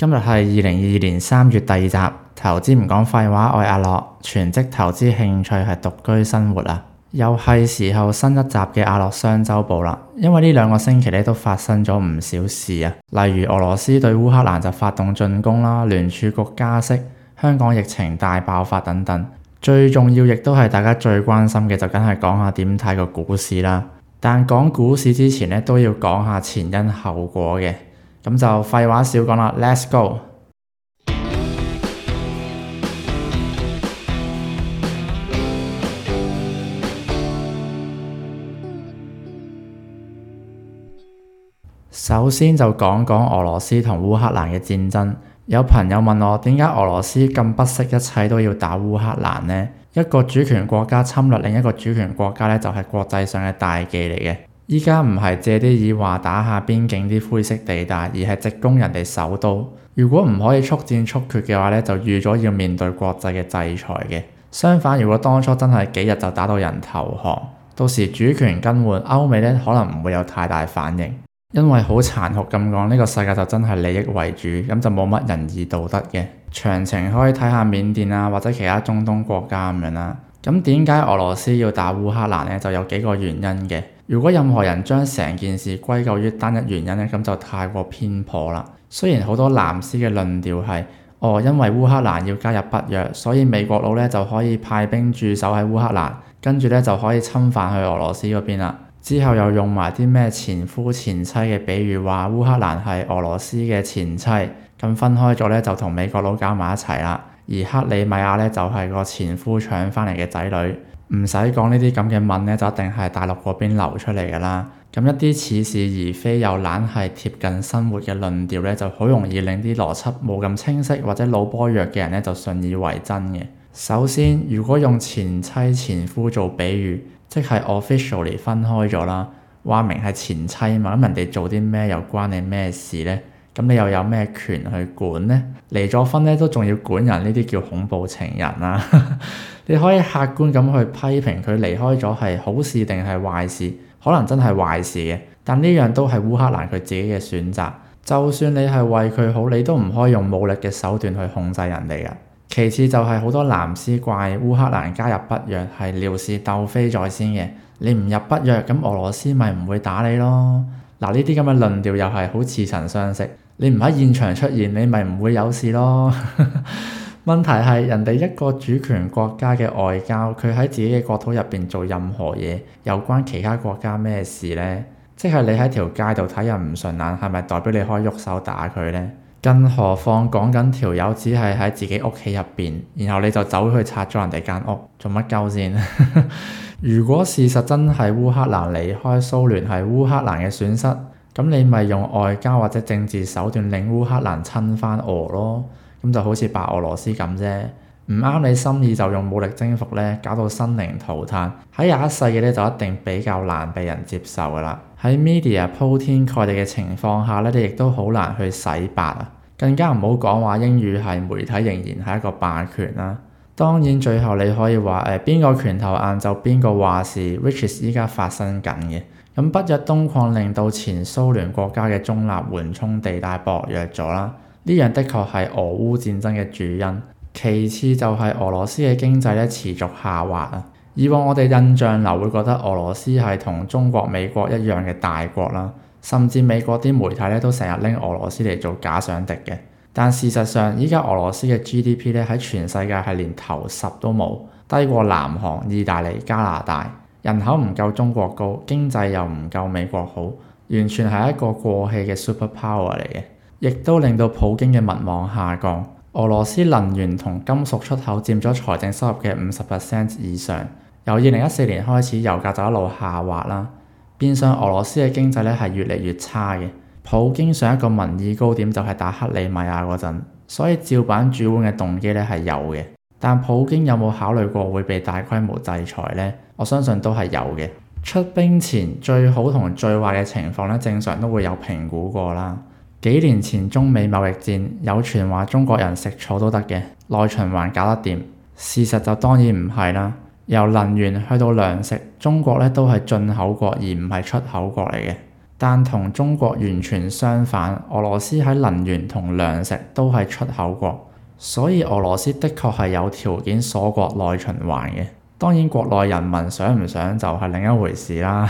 今日係二零二二年三月第二集，投資唔講廢話，我係阿樂全職投資，興趣係獨居生活啊！又係時候新一集嘅阿樂商周報啦，因為呢兩個星期咧都發生咗唔少事啊，例如俄羅斯對烏克蘭就發動進攻啦，聯儲局加息，香港疫情大爆發等等。最重要亦都係大家最關心嘅，就梗係講下點睇個股市啦。但講股市之前咧，都要講下前因後果嘅。咁就廢話少講啦，Let's go。首先就講講俄羅斯同烏克蘭嘅戰爭。有朋友問我點解俄羅斯咁不惜一切都要打烏克蘭呢？一個主權國家侵略另一個主權國家咧，就係國際上嘅大忌嚟嘅。依家唔係借啲意話打下邊境啲灰色地帶，而係直攻人哋首都。如果唔可以速戰速決嘅話咧，就預咗要面對國際嘅制裁嘅。相反，如果當初真係幾日就打到人投降，到時主權更換，歐美咧可能唔會有太大反應，因為好殘酷咁講，呢個世界就真係利益為主，咁就冇乜仁義道德嘅。詳情可以睇下緬甸啊，或者其他中東國家咁樣啦。咁點解俄羅斯要打烏克蘭呢？就有幾個原因嘅。如果任何人將成件事歸咎於單一原因咧，咁就太過偏頗啦。雖然好多藍絲嘅論調係，哦，因為烏克蘭要加入北約，所以美國佬咧就可以派兵駐守喺烏克蘭，跟住咧就可以侵犯去俄羅斯嗰邊啦。之後又用埋啲咩前夫前妻嘅，比喻話烏克蘭係俄羅斯嘅前妻，咁分開咗咧就同美國佬搞埋一齊啦。而克里米亞咧就係、是、個前夫搶翻嚟嘅仔女。唔使講呢啲咁嘅問咧，就一定係大陸嗰邊流出嚟㗎啦。咁一啲似是而非又懶係貼近生活嘅論調咧，就好容易令啲邏輯冇咁清晰或者腦波弱嘅人咧，就信以為真嘅。首先，如果用前妻前夫做比喻，即係 officially 分開咗啦，話明係前妻嘛，咁人哋做啲咩又關你咩事呢？咁你又有咩權去管呢？離咗婚咧，都仲要管人，呢啲叫恐怖情人啊！ 你可以客觀咁去批評佢離開咗係好事定係壞事，可能真係壞事嘅。但呢樣都係烏克蘭佢自己嘅選擇。就算你係為佢好，你都唔可以用武力嘅手段去控制人哋嘅。其次就係好多藍絲怪，烏克蘭加入北約係撩是鬥非在先嘅。你唔入北約，咁俄羅斯咪唔會打你咯。嗱，呢啲咁嘅論調又係好似曾相識，你唔喺現場出現，你咪唔會有事咯。 問題係人哋一個主權國家嘅外交，佢喺自己嘅國土入邊做任何嘢，有關其他國家咩事呢？即係你喺條街度睇人唔順眼，係咪代表你可以喐手打佢呢？更何況講緊條友只係喺自己屋企入邊，然後你就走去拆咗人哋間屋，做乜鳩先？ 如果事實真係烏克蘭離開蘇聯係烏克蘭嘅損失，咁你咪用外交或者政治手段令烏克蘭親翻俄咯，咁就好似白俄羅斯咁啫。唔啱你心意就用武力征服咧，搞到生靈塗炭喺廿一世紀咧就一定比較難被人接受噶啦。喺 media 鋪天蓋地嘅情況下咧，你亦都好難去洗白啊，更加唔好講話英語係媒體仍然係一個霸權啦、啊。當然最後你可以話誒邊個拳頭硬就邊個話事。which is 依家發生緊嘅咁，北約東擴令到前蘇聯國家嘅中立緩衝地帶薄弱咗啦，呢樣的確係俄烏戰爭嘅主因。其次就係俄羅斯嘅經濟咧持續下滑啊！以往我哋印象流會覺得俄羅斯係同中國、美國一樣嘅大國啦，甚至美國啲媒體咧都成日拎俄羅斯嚟做假想敵嘅。但事實上，依家俄羅斯嘅 GDP 咧喺全世界係連頭十都冇，低過南韓、意大利、加拿大，人口唔夠中國高，經濟又唔夠美國好，完全係一個過氣嘅 super power 嚟嘅，亦都令到普京嘅民望下降。俄羅斯能源同金屬出口佔咗財政收入嘅五十 percent 以上，由二零一四年開始，油價就一路下滑啦，變相俄羅斯嘅經濟咧係越嚟越差嘅。普京上一個民意高點就係打克里米亞嗰陣，所以照板煮碗嘅動機咧係有嘅。但普京有冇考慮過會被大規模制裁呢？我相信都係有嘅。出兵前最好同最壞嘅情況咧，正常都會有評估過啦。幾年前中美貿易戰有傳話中國人食草都得嘅內循環搞得掂，事實就當然唔係啦。由能源去到糧食，中國咧都係進口國而唔係出口國嚟嘅。但同中國完全相反，俄羅斯喺能源同糧食都係出口國，所以俄羅斯的確係有條件鎖國內循環嘅。當然國內人民想唔想就係另一回事啦。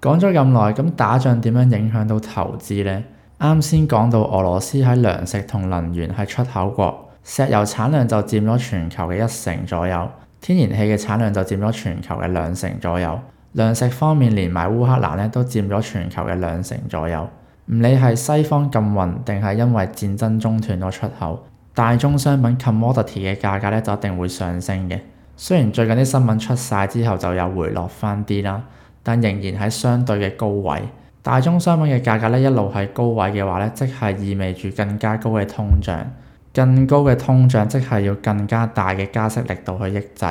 講咗咁耐，咁打仗點樣影響到投資呢？啱先講到俄羅斯喺糧食同能源係出口國，石油產量就佔咗全球嘅一成左右，天然氣嘅產量就佔咗全球嘅兩成左右。糧食方面連埋烏克蘭咧都佔咗全球嘅兩成左右。唔理係西方禁運定係因為戰爭中斷咗出口，大宗商品 commodity 嘅價格咧就一定會上升嘅。雖然最近啲新聞出晒之後就有回落翻啲啦，但仍然喺相對嘅高位。大宗商品嘅價格咧一路喺高位嘅話咧，即係意味住更加高嘅通脹，更高嘅通脹即係要更加大嘅加息力度去抑制。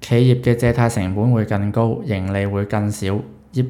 企業嘅借貸成本會更高，盈利會更少，業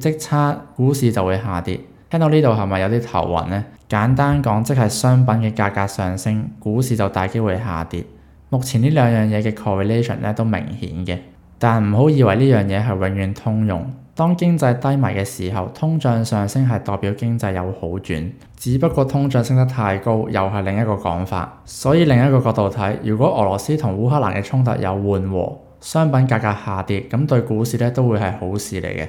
績差，股市就會下跌。聽到呢度係咪有啲頭暈呢？簡單講，即係商品嘅價格上升，股市就大機會下跌。目前呢兩樣嘢嘅 correlation 咧都明顯嘅，但唔好以為呢樣嘢係永遠通用。當經濟低迷嘅時候，通脹上升係代表經濟有好轉，只不過通脹升得太高又係另一個講法。所以另一個角度睇，如果俄羅斯同烏克蘭嘅衝突有緩和，商品價格下跌，咁對股市咧都會係好事嚟嘅。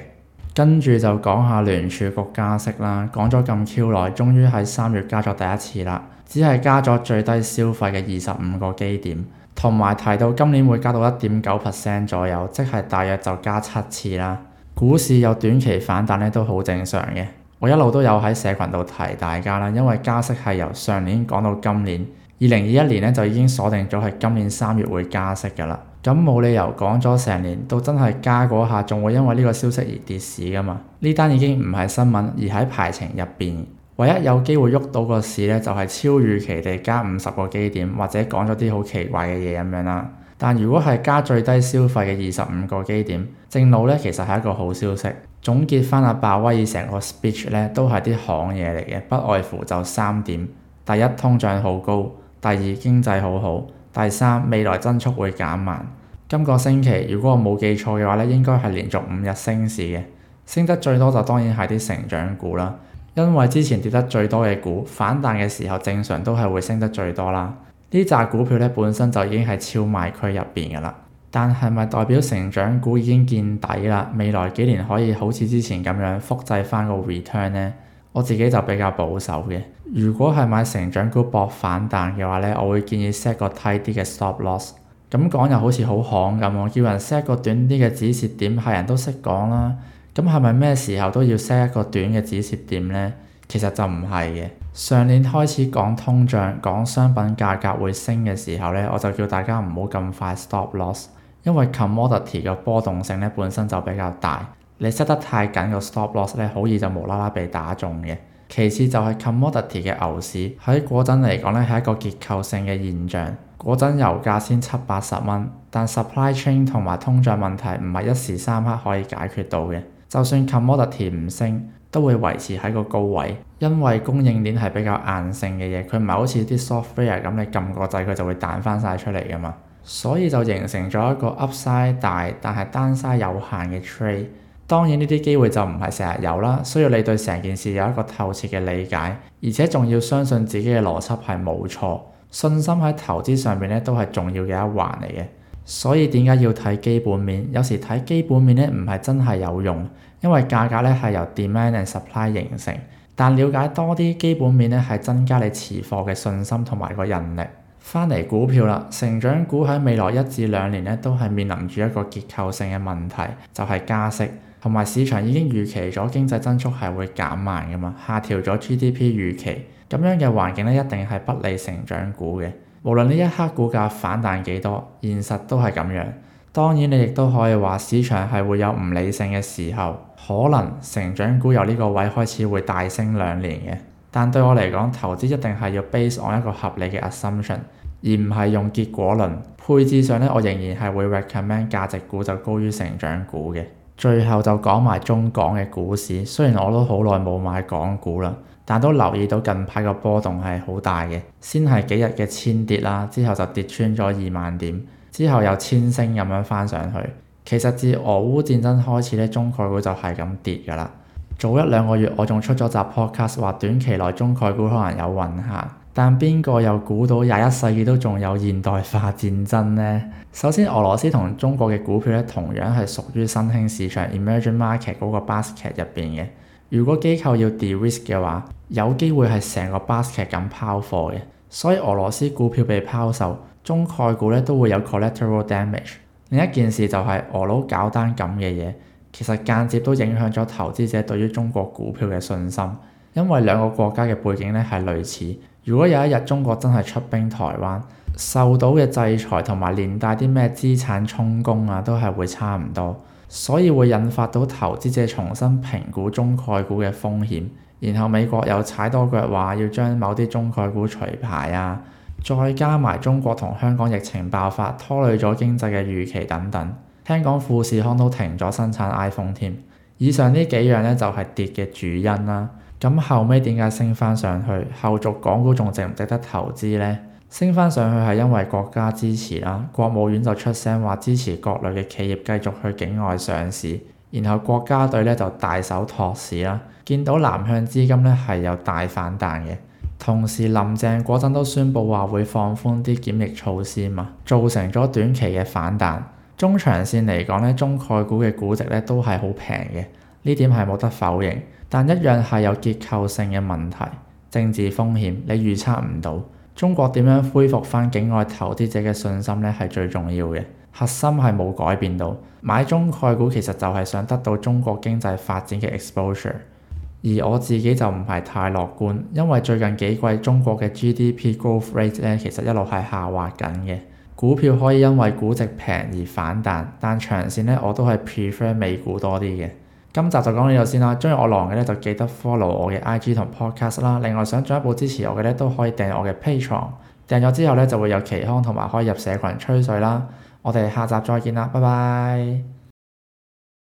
跟住就講下聯儲局加息啦。講咗咁 Q 耐，終於喺三月加咗第一次啦，只係加咗最低消費嘅二十五個基點，同埋提到今年會加到一點九 percent 左右，即係大約就加七次啦。股市有短期反彈咧，都好正常嘅。我一路都有喺社群度提大家啦，因為加息係由上年講到今年，二零二一年咧就已經鎖定咗係今年三月會加息㗎喇。咁冇理由講咗成年，到真係加嗰下，仲會因為呢個消息而跌市噶嘛？呢單已經唔係新聞，而喺排程入邊，唯一有機會喐到個市咧，就係超預期地加五十個基點，或者講咗啲好奇怪嘅嘢咁樣啦。但如果係加最低消費嘅二十五個基點，正路咧其實係一個好消息。總結翻阿鮑威爾成個 speech 咧，都係啲行嘢嚟嘅，不外乎就三點：第一，通脹好高；第二，經濟好好；第三，未來增速會減慢。今個星期如果我冇記錯嘅話咧，應該係連續五日升市嘅，升得最多就當然係啲成長股啦，因為之前跌得最多嘅股反彈嘅時候，正常都係會升得最多啦。呢扎股票咧本身就已經係超賣區入邊嘅啦，但係咪代表成長股已經見底啦？未來幾年可以好似之前咁樣複製翻個 return 呢？我自己就比較保守嘅。如果係買成長股搏反彈嘅話咧，我會建議 set 個低啲嘅 stop loss。咁講又好似好行咁，叫人 set 個短啲嘅止蝕點，客人都識講啦。咁係咪咩時候都要 set 一個短嘅止蝕點呢？其實就唔係嘅。上年開始講通脹、講商品價格會升嘅時候呢，我就叫大家唔好咁快 stop loss，因為 commodity 嘅波動性呢本身就比較大，你 set 得太緊個 stop loss 呢，好易就無啦啦被打中嘅。其次就係 commodity 嘅牛市喺嗰陣嚟講呢，係一個結構性嘅現象，嗰陣油價先七八十蚊，但 supply chain 同埋通脹問題唔係一時三刻可以解決到嘅。就算 commodity 唔升，都會維持喺個高位，因為供應鏈係比較硬性嘅嘢，佢唔係好似啲 software 咁，你撳個掣佢就會彈翻晒出嚟噶嘛。所以就形成咗一個 upside 大，但係 downside 晒有限嘅 trade。當然呢啲機會就唔係成日有啦，需要你對成件事有一個透徹嘅理解，而且仲要相信自己嘅邏輯係冇錯。信心喺投資上面咧都係重要嘅一環嚟嘅。所以點解要睇基本面？有時睇基本面咧，唔係真係有用，因為價格咧係由 demand and supply 形成。但了解多啲基本面咧，係增加你持貨嘅信心同埋個韌力。翻嚟股票啦，成長股喺未來一至兩年咧都係面臨住一個結構性嘅問題，就係加息同埋市場已經預期咗經濟增速係會減慢㗎嘛，下調咗 GDP 預期，咁樣嘅環境咧一定係不利成長股嘅。無論呢一刻股價反彈幾多，現實都係咁樣。當然，你亦都可以話市場係會有唔理性嘅時候，可能成長股由呢個位開始會大升兩年嘅。但對我嚟講，投資一定係要 base on 一個合理嘅 assumption，而唔係用結果論。配置上咧，我仍然係會 recommend 價值股就高於成長股嘅。最後就講埋中港嘅股市，雖然我都好耐冇買港股啦。但都留意到近排個波動係好大嘅，先係幾日嘅千跌啦，之後就跌穿咗二萬點，之後又千升咁樣翻上去。其實自俄烏戰爭開始咧，中概股就係咁跌㗎啦。早一兩個月我仲出咗集 podcast 話短期內中概股可能有運行，但邊個又估到廿一世紀都仲有現代化戰爭呢？首先，俄羅斯同中國嘅股票咧，同樣係屬於新興市場 （emerging market） 嗰個 basket 入邊嘅。如果機構要 de-risk 嘅話，有機會係成個 basket 咁拋貨嘅，所以俄羅斯股票被拋售，中概股咧都會有 collateral damage。另一件事就係俄佬搞單咁嘅嘢，其實間接都影響咗投資者對於中國股票嘅信心，因為兩個國家嘅背景咧係類似。如果有一日中國真係出兵台灣，受到嘅制裁同埋連帶啲咩資產充公啊，都係會差唔多。所以會引發到投資者重新評估中概股嘅風險，然後美國又踩多腳話要將某啲中概股除牌啊，再加埋中國同香港疫情爆發拖累咗經濟嘅預期等等，聽講富士康都停咗生產 iPhone 添。以上呢幾樣呢，就係跌嘅主因啦。咁後尾點解升翻上去？後續港股仲值唔值得投資呢？升翻上去係因為國家支持啦，國務院就出聲話支持國內嘅企業繼續去境外上市，然後國家隊咧就大手托市啦。見到南向資金咧係有大反彈嘅，同時林鄭嗰陣都宣布話會放寬啲檢疫措施嘛，造成咗短期嘅反彈。中長線嚟講咧，中概股嘅估值咧都係好平嘅，呢點係冇得否認，但一樣係有結構性嘅問題、政治風險，你預測唔到。中國點樣恢復翻境外投資者嘅信心咧，係最重要嘅核心，係冇改變到。買中概股其實就係想得到中國經濟發展嘅 exposure，而我自己就唔係太樂觀，因為最近幾季中國嘅 GDP growth rate 咧其實一路係下滑緊嘅。股票可以因為估值平而反彈，但長線咧我都係 prefer 美股多啲嘅。今集就講到呢度先啦，中意我郎嘅咧就記得 follow 我嘅 IG 同 podcast 啦。另外想進一步支持我嘅咧都可以訂我嘅 Patreon，訂咗之後咧就會有旗幟同埋可以入社群吹水啦。我哋下集再見啦，拜拜。